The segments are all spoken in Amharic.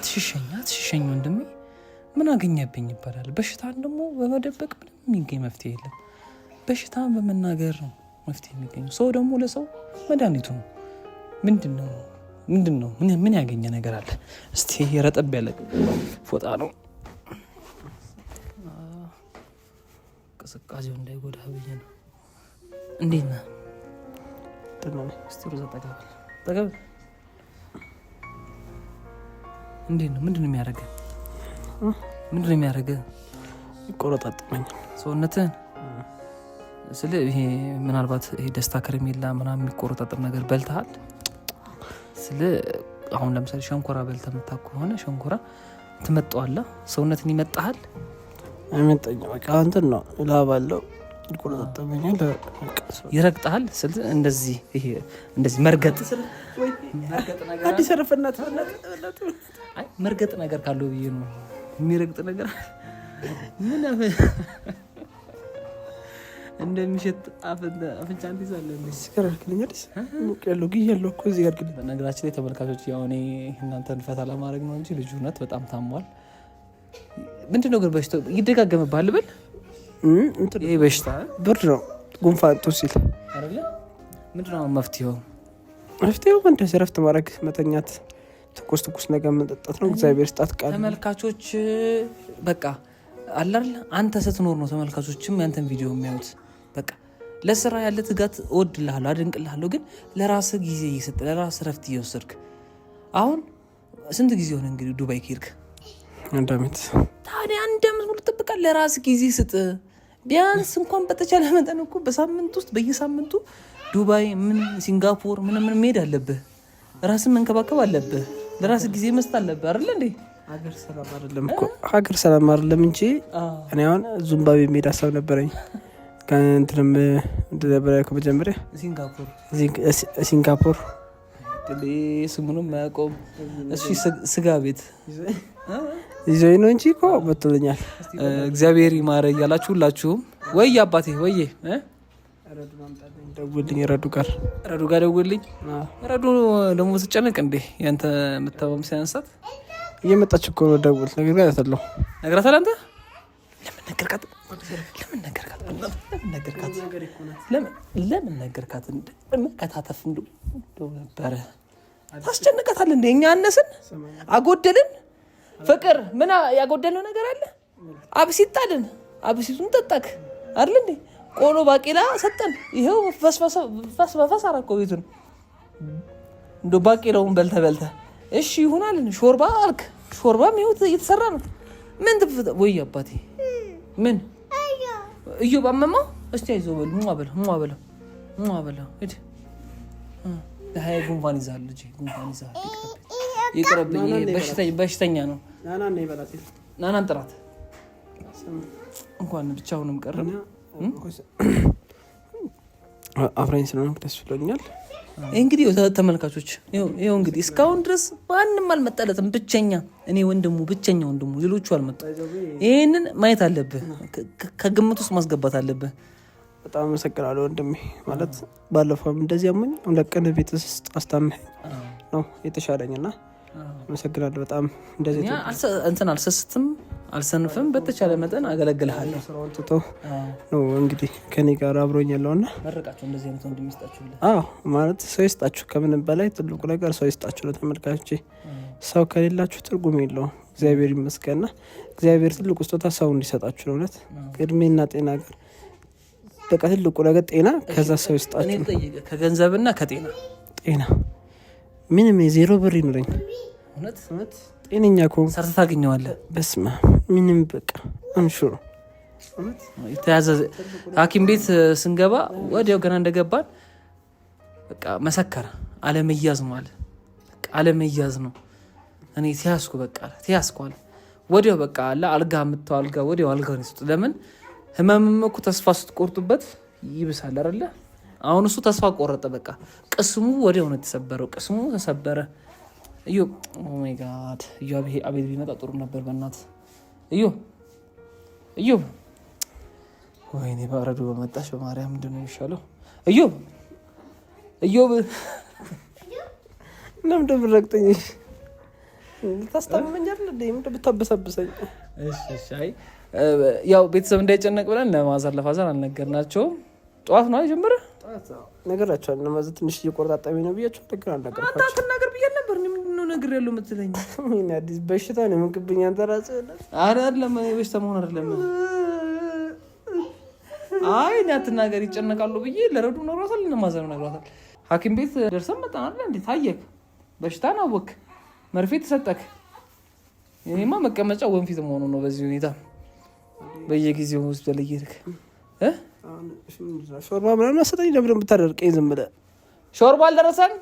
አትሽሸኝ አትሽሸኝ ወንድሜ ምን አገኘብኝ ይባላል። በሽታን ደግሞ በመደበቅ ምንም የሚገኝ መፍትሄ የለም። በሽታን በመናገር ነው መፍትሄ የሚገኙ ሰው ደግሞ ለሰው መድኃኒቱ ነው። ምንድን ነው ምንድን ነው ምን ያገኘ ነገር አለ? እስቲ የረጠብ ያለ ፎጣ ነው ቅዝቃዜው እንዳይጎዳ ብዬ ነው። እንዴት ነህ? ጠቀበል እንዴት ነው? ምንድን ነው የሚያደርገህ? ምንድን ነው የሚያደርገህ? ይቆረጣጥመኛል ሰውነትህን ስለ ይሄ ምናልባት ይሄ ደስታ ከረሜላ ምናምን የሚቆረጣጠም ነገር በልተሃል? ስለ አሁን ለምሳሌ ሸንኮራ በልተህ መታ ከሆነ ሸንኮራ ትመጠዋለ ሰውነትን ይመጣሃል። አይመጣኝም። በቃ እንትን ነው ላባለው ይቆረጣጠመኛል፣ ይረግጠሃል። ስለ እንደዚህ ይሄ እንደዚህ መርገጥ አዲስ ረፍነት አይ መርገጥ ነገር ካለው ብዬ ነው። የሚረግጥ ነገር ምን እንደሚሸት አፍንጫን ትይዛለህ። ከራክልኛልስ ላይ ተመልካቾች፣ ያው እናንተን ፈታ ለማድረግ ነው እንጂ ልጁ እውነት በጣም ታሟል። ምንድን ነው ግን በሽታው ይደጋገምብሃል ልበል? ይህ በሽታ ብርድ ነው፣ ጉንፋን፣ ጡት ሲል ምንድን ነው መፍትሄው? መፍትሄው እንደዚህ እረፍት ማድረግ መተኛት ትኩስ ትኩስ ነገር መጠጣት ነው። እግዚአብሔር ስጣት ቃል ተመልካቾች በቃ አላል አንተ ስትኖር ነው ተመልካቾችም ያንተን ቪዲዮ የሚያዩት። በቃ ለስራ ያለ ትጋት እወድልሃለሁ፣ አድንቅልሃለሁ። ግን ለራስ ጊዜ እየሰጠ ለራስ ረፍት እየወሰድክ አሁን ስንት ጊዜ ሆነ እንግዲህ ዱባይ ከሄድክ? አንድ ዓመት። ታዲያ አንድ ሙሉ ትጠብቃለህ? ለራስ ጊዜ ስጥ። ቢያንስ እንኳን በተቻለ መጠን እኮ በሳምንት ውስጥ በየሳምንቱ ዱባይ ምን ሲንጋፖር ምን ምን መሄድ አለብህ። ራስን መንከባከብ አለብህ። ለራስ ጊዜ መስጠት አለብህ አይደል እንዴ? ሀገር ሰላም አይደለም እኮ ሀገር ሰላም አይደለም እንጂ እኔ አሁን ዙምባብዌ የሚሄድ ሀሳብ ነበረኝ። ከእንትንም እንደነበረ ከመጀመሪያ ሲንጋፖር ስሙንም አያውቀውም እሱ ስጋ ቤት ይዞኝ ነው እንጂ እኮ መጥቶልኛል። እግዚአብሔር ይማረ እያላችሁ ሁላችሁም ወይ አባቴ ወዬ ደውልኝ ረዱ ጋር ረዱ ጋር ደውልኝ። ረዱ ደግሞ ስጨነቅ እንዴ ያንተ የምታበም ሲያንሳት እየመጣች እኮ ደውል ነገር ጋር ያተለው ነግራታል። አንተ ለምን ነገርካት? ለምን ነገርካት? ለምን ነገርካት? ለምን ነገርካት? መከታተፍ እንደው ነበረ። ታስጨንቀታል እንዴ? እኛ አነስን አጎደልን? ፍቅር ምን ያጎደልነው ነገር አለ? አብሲት ጣልን። አብሲቱን ጠጣክ አይደል እንዴ? ቆሎ ባቄላ ሰጠን። ይኸው ፈስ በፈስ አረኮ ቤቱን እንደ ባቄላውን በልተ በልተ እሺ ይሆናል። ሾርባ አልክ፣ ሾርባ ይኸው እየተሰራ ነው። ምን ትፍጠ ወይ አባቴ ምን እዩ ባመማው እስቲ አይዞ በል ሙዋ በል ሙዋ በል ሙዋ በል እድ ሀያ ጉንፋን ይዛል ልጅ ጉንፋን ይዛል። ይቅርብኝ፣ በሽተኛ ነው። ናናን ጥራት እንኳን ብቻውንም ቀረ አፍራኝ ስለሆነ ደስ ብሎኛል። እንግዲህ ተመልካቾች ይኸው እንግዲህ እስካሁን ድረስ ማንም አልመጣለትም። ብቸኛ እኔ ወንድሙ ብቸኛ ወንድሙ፣ ሌሎቹ አልመጡ። ይህንን ማየት አለብህ፣ ከግምት ውስጥ ማስገባት አለብህ። በጣም አመሰግናለሁ ወንድሜ። ማለት ባለፈው እንደዚህ አሞኝ ለቀን ቤት ውስጥ አስታምህ ነው የተሻለኝ እና አመሰግናለሁ በጣም እንደዚህ እንትን አልሰስትም አልሰንፍም በተቻለ መጠን አገለግልሃለሁ። እንግዲህ ከኔ ጋር አብሮኝ ያለውና አዎ ማለት ሰው ይስጣችሁ። ከምንም በላይ ትልቁ ነገር ሰው ይስጣችሁ። ለተመልካቾች ሰው ከሌላችሁ ትርጉም የለውም። እግዚአብሔር ይመስገንና እግዚአብሔር ትልቁ ስጦታ ሰው እንዲሰጣችሁ ነው። እውነት እድሜና ጤና ጋር በቃ ትልቁ ነገር ጤና፣ ከዛ ሰው ይስጣችሁ። ከገንዘብና ከጤና ጤና ምንም የዜሮ ብር ይኑረኝ። ጤነኛ ከሆንኩ ሰርተህ ታገኘዋለህ። በስመ አብ ምንም በቃ እንሹሩ የተያዘ ሐኪም ቤት ስንገባ ወዲያው ገና እንደገባን በቃ መሰከረ። አለመያዝ ነው አለ። አለመያዝ ነው እኔ ተያዝኩ በቃ ተያዝኩ አለ። ወዲያው በቃ አለ አልጋ ምተው አልጋ ወዲያው አልጋ ነው የሰጡት። ለምን ህመምም እኮ ተስፋ ስትቆርጡበት ይብሳል አይደለ? አሁን እሱ ተስፋ ቆረጠ። በቃ ቅስሙ ወዲያው ነው የተሰበረው። ቅስሙ ተሰበረ። እዮ ኦ ማይ ጋድ እዩ አቤት ቢመጣ ጥሩ ነበር በእናትህ እዩ እዩ ወይኔ በረዶ በመጣሽ በማርያም ምንድን ነው የሚሻለው? እዩ እዩ ለምደ ብረግጠኝ ታስታምመኛል ምንድን ብታበሳብሰኝ? ያው ቤተሰብ እንዳይጨነቅ ብለን ለማዘር ለፋዘር አልነገርናቸውም። ጠዋት ነው የጀመረ ነገራቸዋል እና ትንሽ እየቆረጣጠሚ ነው ብያቸው ነገር አልነገርኳቸው። ነገር ብያል ነበር። ምንድን ነው ነገር ያለው የምትለኝ? አዲስ በሽታ ነው የምንቅብኝ። አንተ ራስህ አይደለም በሽታ መሆን አይደለም። አይ እንዳትናገር ይጨነቃሉ ብዬ ለረዱ ነግሯታል። ለማዘር ነግሯታል። ሐኪም ቤት ደርሰን መጣን አይደል? እንዴት ታየክ? በሽታን አወክ? መርፌ ተሰጠክ? ይሄማ መቀመጫ ወንፊት መሆኑ ነው። በዚህ ሁኔታ በየጊዜው ሆስፒታል እየሄድክ ሾርባ ምናምን መሰጠኝ ደብረ ብታደርቀኝ ዝም ብለህ ሾርባ አልደረሰን።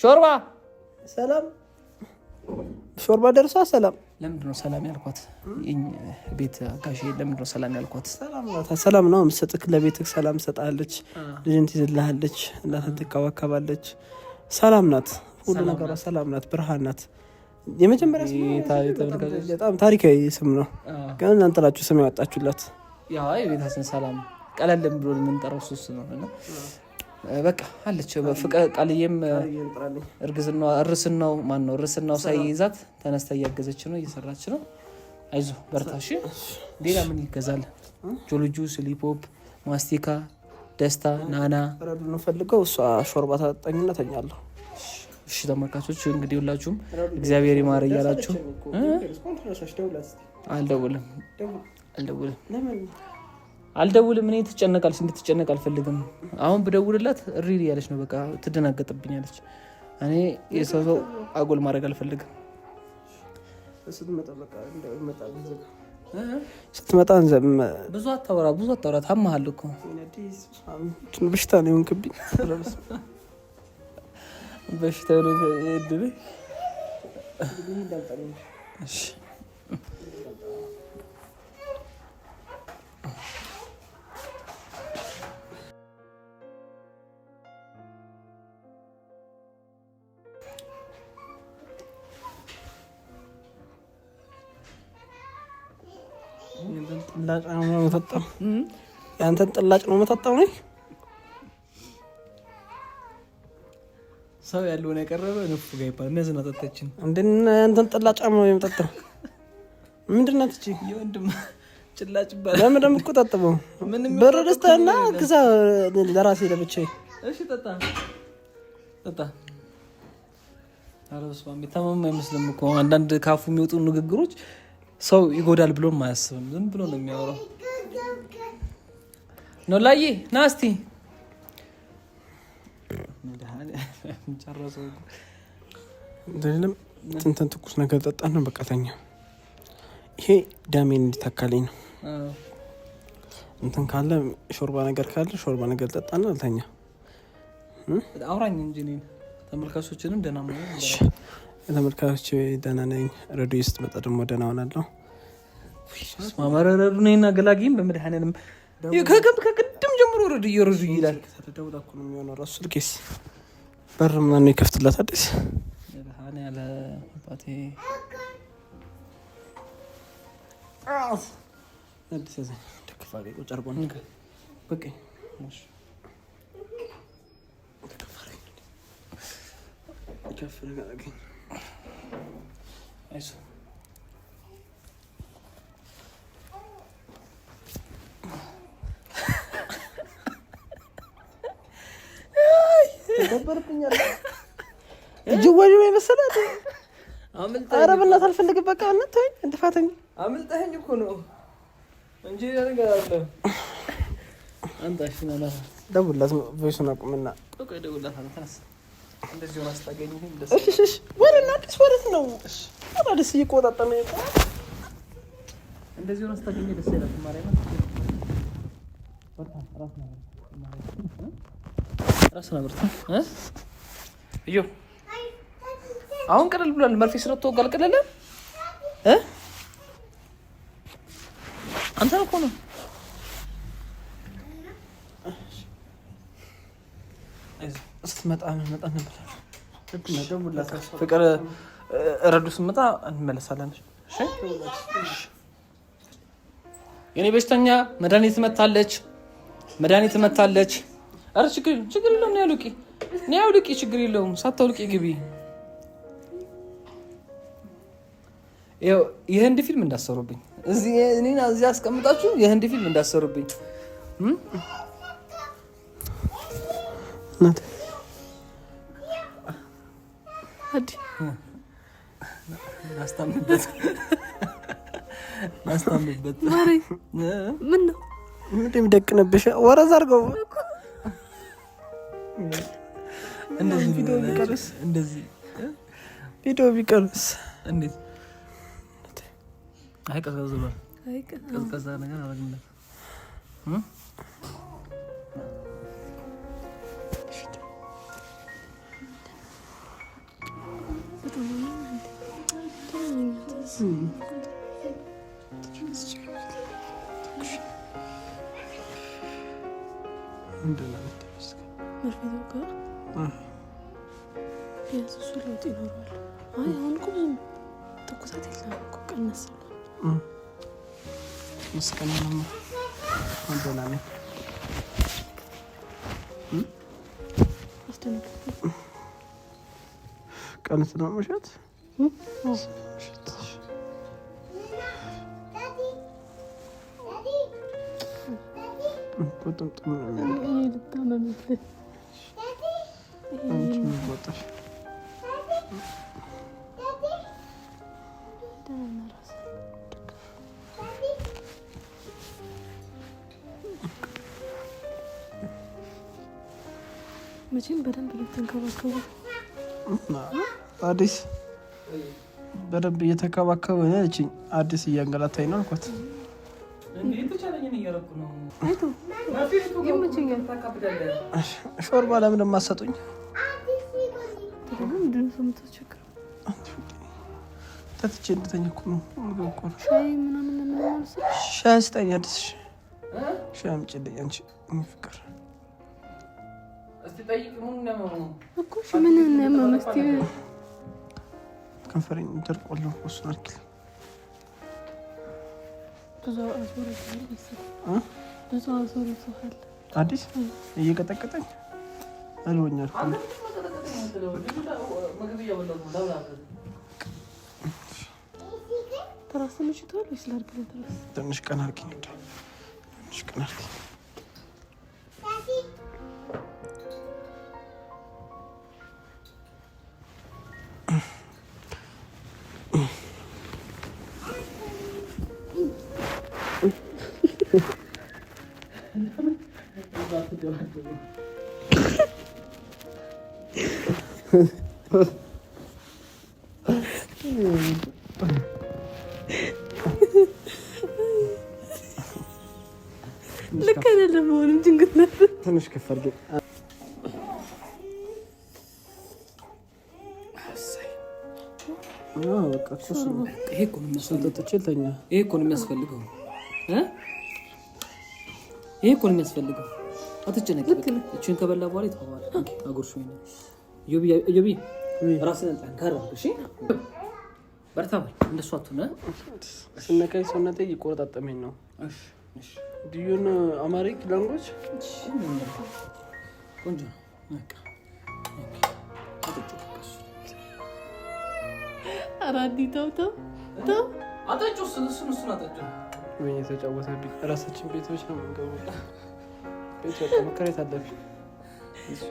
ሾርባ ሰላም፣ ሾርባ ደርሷ። ሰላም ለምንድን ነው ሰላም ያልኳት? ቤት ጋሼ ለምንድን ነው ሰላም ያልኳት? ሰላም ነው የምትሰጥህ ለቤትህ ሰላም ሰጣለች፣ ልጅን ትይዝልሃለች፣ እናትህን ትከባከባለች። ሰላም ናት፣ ሁሉ ነገሯ ሰላም ናት፣ ብርሃን ናት። የመጀመሪያ በጣም ታሪካዊ ስም ነው፣ ግን እናንተ ናችሁ ስም ያወጣችሁላት። ያው የቤታችን ሰላም ቀለልም ብሎ የምንጠራው ሱስ ነው እና በቃ አለች በፍቅር ቃልዬም እርግዝናዋ እርስናው ማን ነው እርስናው ሳይይዛት ተነስታ እያገዘች ነው፣ እየሰራች ነው። አይዞ በርታሽ። ሌላ ምን ይገዛል? ጆሎጁ፣ ስሊፖፕ፣ ማስቲካ፣ ደስታ፣ ናና ረዱ ነው ፈልገው። እሷ ሾርባ ታጠኝና ተኛለሁ። እሺ ተመልካቾች እንግዲህ ሁላችሁም እግዚአብሔር ይማር እያላችሁ አልደውልም አልደውልም አልደውልም። እኔ ትጨነቃለች፣ እንድትጨነቅ አልፈልግም። አሁን ብደውልላት እሪ እያለች ነው፣ በቃ ትደናገጥብኛለች። እኔ የሰው ሰው አጎል ማድረግ አልፈልግም። ስትመጣ ብዙ አታወራ፣ ብዙ አታወራ። ታመሃል እኮ በሽታ ነው የሆንክብኝ። በሽታ ነው ጥላጭ ነው የምጠጣው። የአንተን ጥላጭ ነው የምጠጣው። ነኝ ሰው ያለውን ያቀረበ ንፉ ጋ ይባል እነዚህ ነጠጠችን እንትን ጥላጫ ነው የምጠጣው። ምንድን ናት ትች የወንድም ጭላጭ ይባላል። ለምን ደግሞ እኮ ብር ደስታና ለራሴ ለብቻዬ። እሺ ጠጣ ጠጣ ተመማ አይመስልም እኮ አንዳንድ ካፉ የሚወጡ ንግግሮች ሰው ይጎዳል ብሎም አያስብም። ዝም ብሎ ነው የሚያወራው። ኖላዬ ና እስቲ ጨረሰው። እንትን ትኩስ ነገር ጠጣ ነው በቃተኛ ይሄ ዳሜን እንዲታካልኝ ነው። እንትን ካለ ሾርባ ነገር ካለ ሾርባ ነገር ጠጣና አልተኛ። አውራኝ እንጂ ተመልካቾችንም ደህና ተመልካቾች ደህና ነኝ። ረዲዮ ስትመጣ ደግሞ ደህና ሆናለሁ። ማማረረሩ ነና ገላጊም በመድኃኔዓለም ከቅም ከቅድም ጀምሮ ረድ እየረዙ ይላል። ስልኬስ በር ምናምን ይከፍትላት አዲስ ያለ ነበርብኛል። እጅ ወዲህ ነው የመሰላት። ኧረ በእናትህ አልፈልግም። በቃ እናት እንትፋተኝ። አምልጠኸኝ እኮ ነው እንጂ ነገር አለ። አንታሽ ነው ደውልላት፣ ቮይሱን አቁምና እንደዚህ ነው ደስ እየቆጣጠ እንደዚህ አሁን ቀለል ብሏል። መርፌ ስራ ተወጋ አልቀለለ እ አንተ ነው እኮ ነው ስትመጣ መጣ ነበር። ፍቅር ረዱ ስትመጣ እንመለሳለን። የኔ በሽተኛ መድኃኒት መታለች፣ መድኃኒት መታለች። አረ ችግር ችግር የለውም። ነው ያውልቂ ነው ያውልቂ ችግር የለውም። ሳታውልቂ ግቢ። የህንድ ፊልም እንዳሰሩብኝ እዚህ እኔን እዚህ አስቀምጣችሁ የህንድ ፊልም እንዳሰሩብኝ። ናስታምበት ምን ነው ደቅንብሽ ወረዛ አድርገው ቪዲዮ ቢቀርስ እንዴት? አይ ቀዝቀዝ ብሏል። ቀዝቀዛ ነገር አረግለት ቢያንስ እሱ ለውጥ ይኖረዋል። አይ አሁን እኮ ብዙም ትኩሳት የለም እኮ ቀነስ ምስቀናማ ደህና ነኝ። ቀንስ ነው መሸት ጥምጥም ነው የሚያደርገው መቼም በደንብ ልትንከባከቡ አዲስ በደንብ እየተከባከበ ነችኝ። አዲስ እያንገላታኝ ነው አልኳት። ሾርባ ለምን ማሰጡኝ? የምታስቸግረው? ጠጥቼ ልተኛ እኮ ነው። ምግብ እኮ ነው። ሻይ ምናምን ምናምን ሻይ ስጠኝ። አዲስ ሻይ አምጪልኝ። አንቺ ፍቅር ከንፈሬን ደርቋል። እሱን አድርጊልኝ። አዲስ እየቀጠቀጠኝ እልወኛል እኮ ትንሽ ቀን አድርጊ ልክ አይደለም። መሆኑም ጭንቅት ነበር። ትንሽ ከፍ አድርገን ይሄ እኮ ነው የሚያስፈልገው። ይሄ እኮ ነው የሚያስፈልገው። አትጨነቂ። እችን ከበላ በኋላ ይተዋል። አጉርሽ ዮቢ ራስን ጠንከር እሺ፣ በርታ በል። እንደሱ አትሆነ ስነካኝ ሰውነቴ እየቆረጣጠመኝ ነው። ድዩን አማሪክ ላንጎች ቆንጆ ነው። የተጫወተብኝ እራሳችን ቤቶች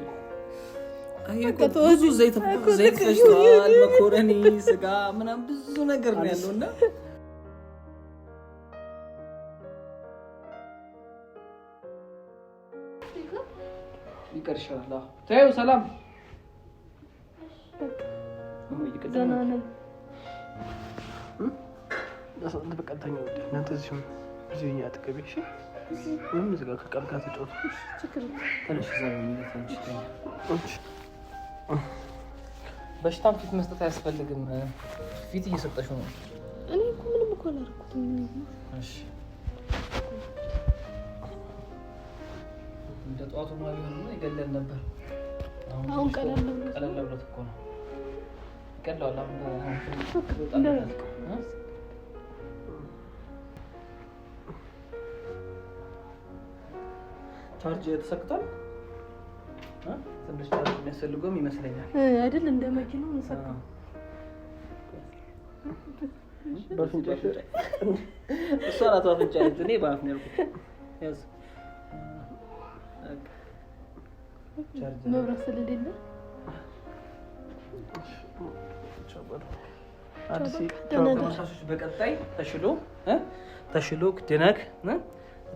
ነው። ብዙ ዘይት ፈጅተዋል። መኮረኒ፣ ስጋ ምናምን ብዙ ነገር ነው ያለው እና ይቅር ይሻላል። ተይው ሰላም በቀጥተኛ በሽታም ፊት መስጠት አያስፈልግም። ፊት እየሰጠሽው ነው። እኔ እኮ ምንም እኮ አላደረኩትም። እንደ ጠዋቱ ማ ሆኖ ይገለል ነበር። አሁን ቀለል ብሎት እኮ ነው። ይቀለዋል። ቻርጅ ተሰክቷል። ትንሽ ቻርጅ የሚያስፈልገውም ይመስለኛል አይደል? እንደ መኪናው እሷ ናት አፍንጫ ያለች፣ እኔ በአፍ ነው ያልኩት። መብራት ስለሌለ በቀጣይ ተሽሎ ተሽሎ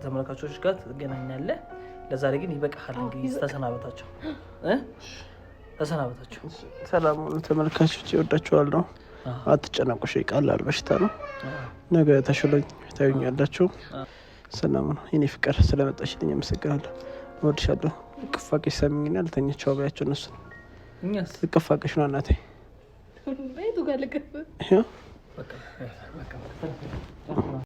ተመልካቾች ጋር ትገናኛለህ። ለዛሬ ግን ይበቃሃል። እንግዲህ ተሰናበታቸው ተሰናበታቸው። ሰላም ተመልካቾች፣ ይወዳችኋል ነው አትጨነቁ። ቃል በሽታ ነው። ነገ ተሽሎኝ ታዩኛላችሁ። ሰላም ነው የኔ ፍቅር፣ ስለመጣሽልኝ አመሰግናለሁ። እወድሻለሁ። ቅፋቄሽ ሰሚኝና ልተኛቸው አብያቸው እነሱን ልቅፋቄሽ ነው እናቴ ቤቱ ጋር ልቅፍ